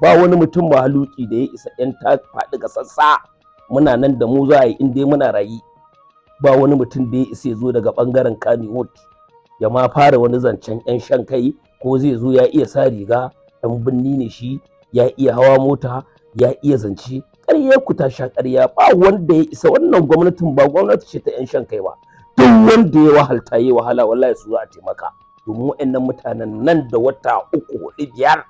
ba wani mutum mahaluki da ya isa yan ta faɗi ga sassa muna nan da mu za a yi in dai muna rayi ba wani mutum da ya isa ya zo daga bangaren kaniwood ya ma fara wani zancen yan shan kai ko zai zo ya iya sa riga yan binni ne shi ya iya hawa mota ya iya zance ƙarya ku ta sha ƙarya ba wanda ya isa wannan gwamnatin ba gwamnati ce ta yan shan kai ba duk wanda ya wahalta ya wahala wallahi su za a taimaka domin waɗannan mutanen nan da wata uku hudu biyar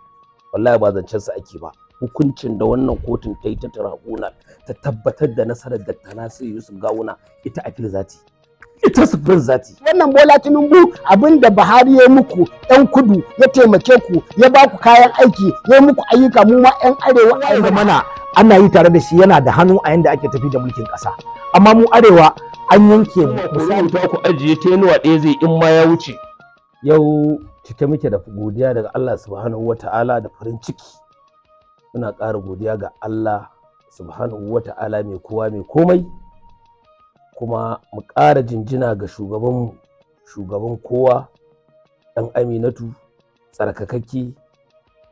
wallahi ba zancen sa ake ba hukuncin da wannan kotun ta yi ta tarahuna ta tabbatar da nasarar da ta nasu yusuf gawuna ita akil zati ita sufin zati wannan bola tinubu abin da buhari ya muku yan kudu ya taimake ku ya ba ku kayan aiki ya muku ayyuka mu ma yan arewa a mana ana yi tare da shi yana da hannu a yanda ake tafi da mulkin kasa amma mu arewa an yanke mu sai ta ku ajiye tenuwa ɗaya zai in ma ya wuce yau cike muke da godiya daga Allah subhanahu wa ta'ala da farin ciki muna ƙara godiya ga Allah subhanahu wa ta'ala mai kowa mai komai kuma mu ƙara jinjina ga shugaban shugaban kowa ɗan aminatu tsarkakakki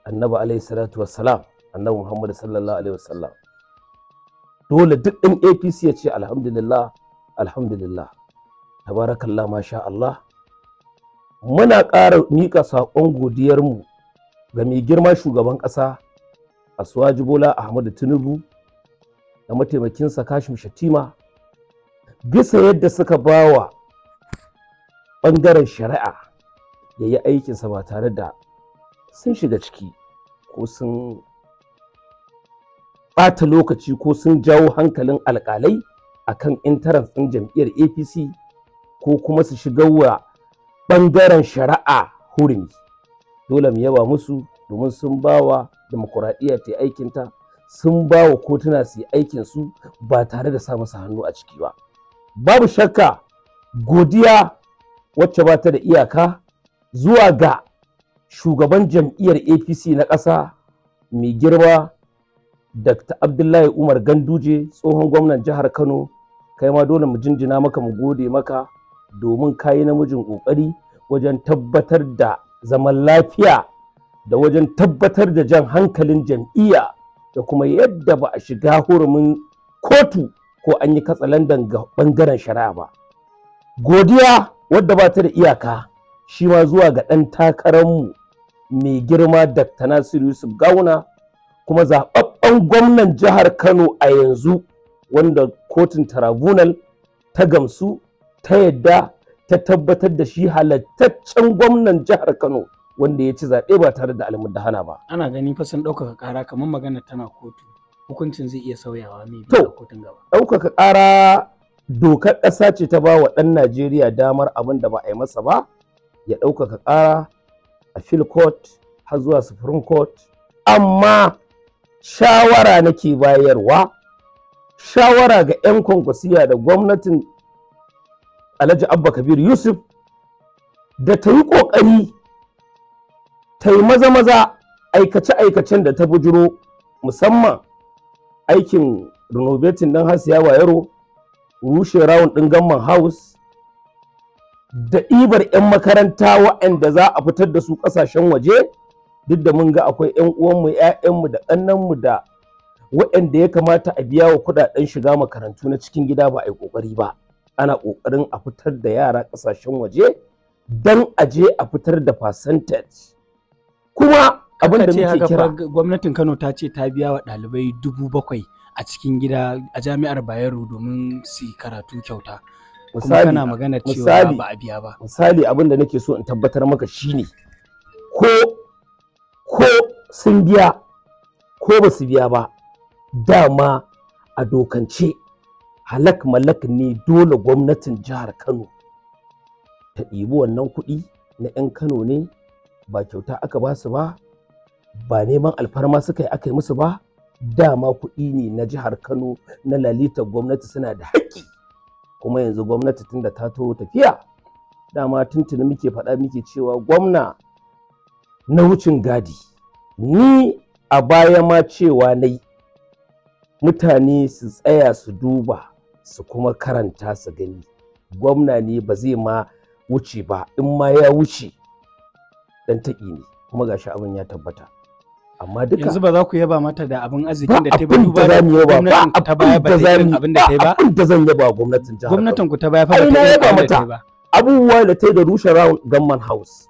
annabi alaihi salatu wassalam annabi muhammad sallallahu alaihi wasallam dole duk ɗin apc ya ce alhamdulillah alhamdulillah tabarakallah masha Allah muna ƙara miƙa saƙon godiyarmu ga mai girma shugaban ƙasa a asuwaji bola ahmadu tinubu da mataimakinsa kashim shatima bisa yadda suka ba wa ɓangaren shari'a ya yi aikinsa ba tare da sun shiga ciki ko sun ɓata lokaci ko sun jawo hankalin alƙalai a kan intaran ɗin jam'iyyar apc ko kuma su shiga wa ɓangaren shari'a hurin, dole mu yaba musu domin sun bawa demokuraɗiyya ta aikinta sun ba wa kotuna su yi aikinsu ba tare da samun hannu a ciki ba babu shakka godiya wacce ba ta da iyaka zuwa ga shugaban jam'iyyar apc na ƙasa mai girma dr abdullahi umar ganduje tsohon gwamnan jihar kano kai ma dole mu jinjina maka mu gode maka domin ka yi namijin ƙoƙari wajen tabbatar da zaman lafiya da wajen tabbatar da jan hankalin jam'iyya da kuma yadda ba a shiga hurumin kotu ko an yi katsalandan ga ɓangaren shari'a ba godiya wadda ba ta da iyaka shi ma zuwa ga ɗan takararmu mai girma dr nasiru yusuf gawuna kuma zaɓaɓɓen gwamnan jihar kano a yanzu wanda kotun tarabunan ta gamsu ta yadda ta tabbatar da shi halattaccen gwamnan jihar Kano wanda ya ci zaɓe ba tare da da hana ba. Ana gani fa ɗaukaka ƙara kamar magana tana kotu hukuncin zai iya sauyawa mai biyu kotun gaba. Ɗaukaka ƙara dokar ƙasa ce ta ba wa ɗan Najeriya damar abin da ba a yi masa ba ya ɗaukaka ƙara a fil court har zuwa supreme court amma shawara nake bayarwa shawara ga 'yan kwankwasiya da gwamnatin alhaji abba kabir yusuf da ta yi ƙoƙari ta yi maza-maza aikace-aikacen da ta bujiro musamman aikin renovating ɗin hasiya wayaro rushe rawun ɗin gamman house da ibar 'yan makaranta waɗanda za a fitar da su ƙasashen waje duk da mun ga akwai 'yan uwanmu 'ya'yanmu da ƙannanmu da waɗanda ya kamata a biya wa kuɗaɗen shiga makarantu na cikin gida ba a yi ƙoƙari ba. ana ƙoƙarin a fitar da yara ƙasashen waje don a je a fitar da percentage kuma abin da muke kira gwamnatin Kano ta ce ta biya wa ɗalibai dubu bakwai a cikin gida a jami'ar Bayero domin su karatu kyauta kuma kana magana cewa ba a biya ba misali abin da nake so in tabbatar maka shine ko ko sun biya ko ba su biya ba dama a dokance halak malak ne dole gwamnatin jihar Kano ta ɗibi wannan kuɗi na 'yan Kano ne ba kyauta aka ba su ba ba neman alfarma suka yi aka yi musu ba dama kuɗi ne na jihar Kano na lalita gwamnati suna da haƙƙi kuma yanzu gwamnati tun da ta tafiya dama tuntuni muke faɗa muke cewa gwamna na wucin gadi ni a baya ma cewa na yi mutane su tsaya su duba su kuma karanta su gani gwamna ne ba zai ma wuce ba in ma ya wuce dan taƙi ne kuma ga shi abin ya tabbata amma duka yanzu ba za ku yaba mata da abin arzikin da ta yi ba duba da gwamnatin ku ta baya ba da irin abin da ta yi ba abin da zan yaba gwamnatin jihar gwamnatin ku ta baya fa ba ta yi ba abubuwa da ta yi da rushe round gamman house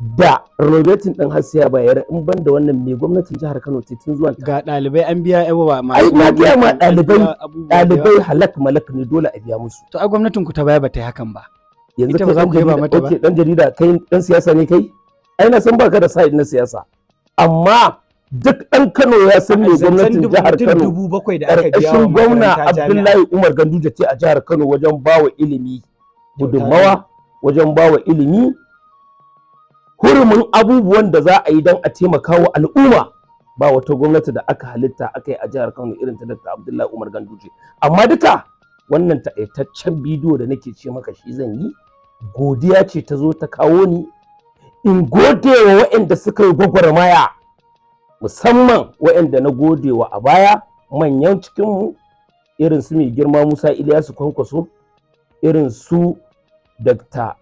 da renovating din hasiya ba yare in ban da wannan mai gwamnatin jihar Kano ce tun zuwa ga dalibai an biya yawa ma ai na biya ma dalibai dalibai halak malak ne dole a biya musu to a gwamnatin ku ta baya ba ta yi hakan ba yanzu ba za ku yaba mata ba dan jarida kai dan siyasa ne kai ai na san baka da side na siyasa amma duk ɗan Kano ya san mai gwamnatin jihar Kano ƙarƙashin gwamna Abdullahi Umar Ganduje ce a jihar Kano wajen bawa ilimi gudunmawa wajen bawa ilimi hurumin abubuwan da za a yi don a taimakawa al'umma ba wata gwamnati da aka halitta aka yi a jihar Kano irin ta Dr. Abdullahi Umar Ganduje amma duka wannan taƙaitaccen bidiyo da nake ce maka shi zan yi godiya ce ta zo ta kawo ni in gode wa waɗanda suka yi gwagwarmaya musamman waɗanda na gode wa a baya manyan cikinmu irin su mai girma Musa Iliyasu Kwankwaso irin su Dr.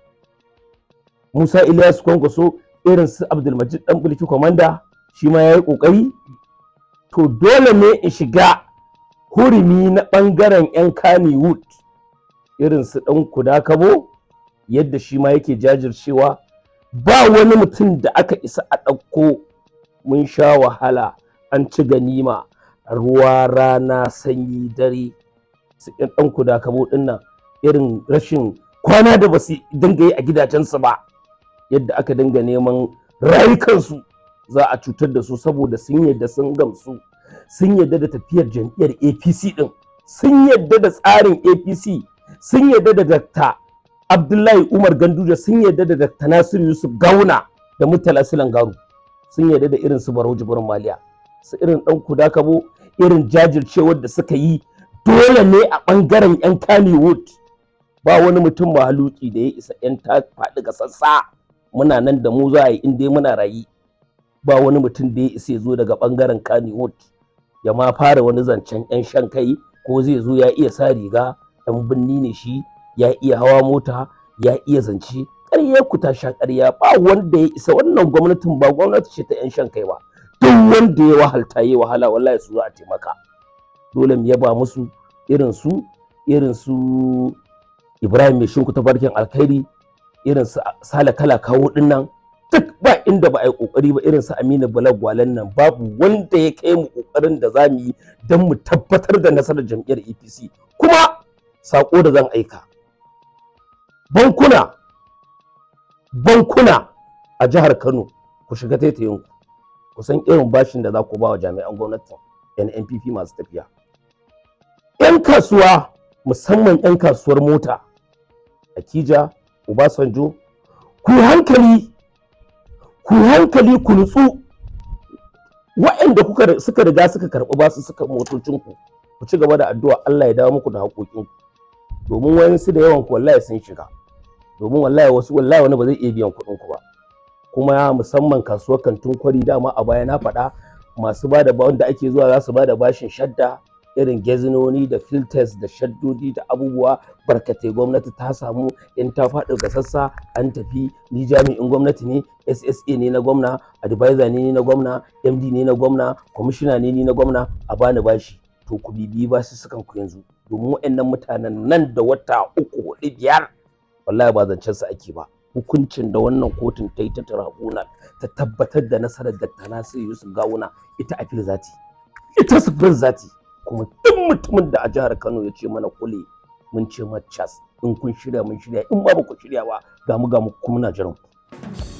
Musa Ilyasu Kwankwaso irin su Abdulmajid dan bulki komanda shi ma yayi kokari to dole ne in shiga hurumi na bangaren yan Kannywood irin su dan kuda kabo yadda shi ma yake jajircewa ba wani mutum da aka isa a ɗauko mun sha wahala an ci ganima ruwa rana sanyi dare su ɗan kuda kabo ɗin irin rashin kwana da ba su dinga yi a gidajensu ba yadda aka dinga neman rayukansu za a cutar da su saboda sun yadda sun gamsu sun yadda da tafiyar jam'iyyar apc din sun yadda da tsarin apc sun yadda da dakta abdullahi umar ganduja sun yadda da dakta nasir yusuf gauna da Murtala silan garu sun yadda da irin su barau jibrin maliya su irin dan kuda kabo irin jajircewar da suka yi dole ne a bangaren yan kaliwood ba wani mutum mahaluki da ya isa yan ta faɗi sassa muna nan da mu za a yi in dai muna rayi ba wani mutum da ya isa zo daga bangaren kaniwood ya ma fara wani zancen yan shan kai ko zai zo ya iya sa riga yan binni ne shi ya iya hawa mota ya iya zance ƙarya ku ta sha ƙarya ba wanda ya isa wannan gwamnatin ba gwamnati ce ta yan shan kai ba duk wanda ya wahalta ya wahala wallahi su za a taimaka dole mu yaba musu irin su irin su Ibrahim mai shinku ta barkin alkhairi irin su sala kala kawo din nan duk ba inda ba a yi kokari ba irin su Aminu Bala gwalen nan babu wanda ya kai mu kokarin da zamu yi dan mu tabbatar da nasarar jam'iyyar APC kuma sako da zan aika bankuna bankuna a jihar Kano ku shiga taitayin ku san irin bashin da za ku ba wa jami'an gwamnatin NNPP masu tafiya 'yan kasuwa musamman 'yan kasuwar mota Kija Obasanjo ku hankali ku hankali ku nutsu waɗanda suka riga suka karɓi basu suka motocin ku ku ci gaba da addu'a Allah ya dawo muku da haƙoƙin ku domin wayan su da yawan ku wallahi sun shiga domin wallahi wasu wallahi wani ba zai iya biyan kuɗin ku ba kuma musamman kasuwar kantin kwari dama a baya na faɗa masu ba da wanda ake zuwa za su ba da bashin shadda irin gezinoni da filters da shaddodi da abubuwa barkatai gwamnati ta samu in ta faɗi ga sassa an tafi ni jami'in gwamnati ne ssa ne na gwamna advisor ne na gwamna md ne na gwamna kwamishina ne na gwamna a bani bashi to ku bibi ba su sukan ku yanzu domin waɗannan mutanen nan da wata uku hudu biyar wallahi ba zancen su ake ba hukuncin da wannan kotun ta yi ta tarahuna ta tabbatar da nasarar da ta nasiru yusuf gawuna ita a filzati ita su fil zati kuma duk mutumin da a jihar Kano ya ce mana kule mun ce ma cas in kun shirya mun shirya in ba ku shirya ba ga mu kuma na jiran ku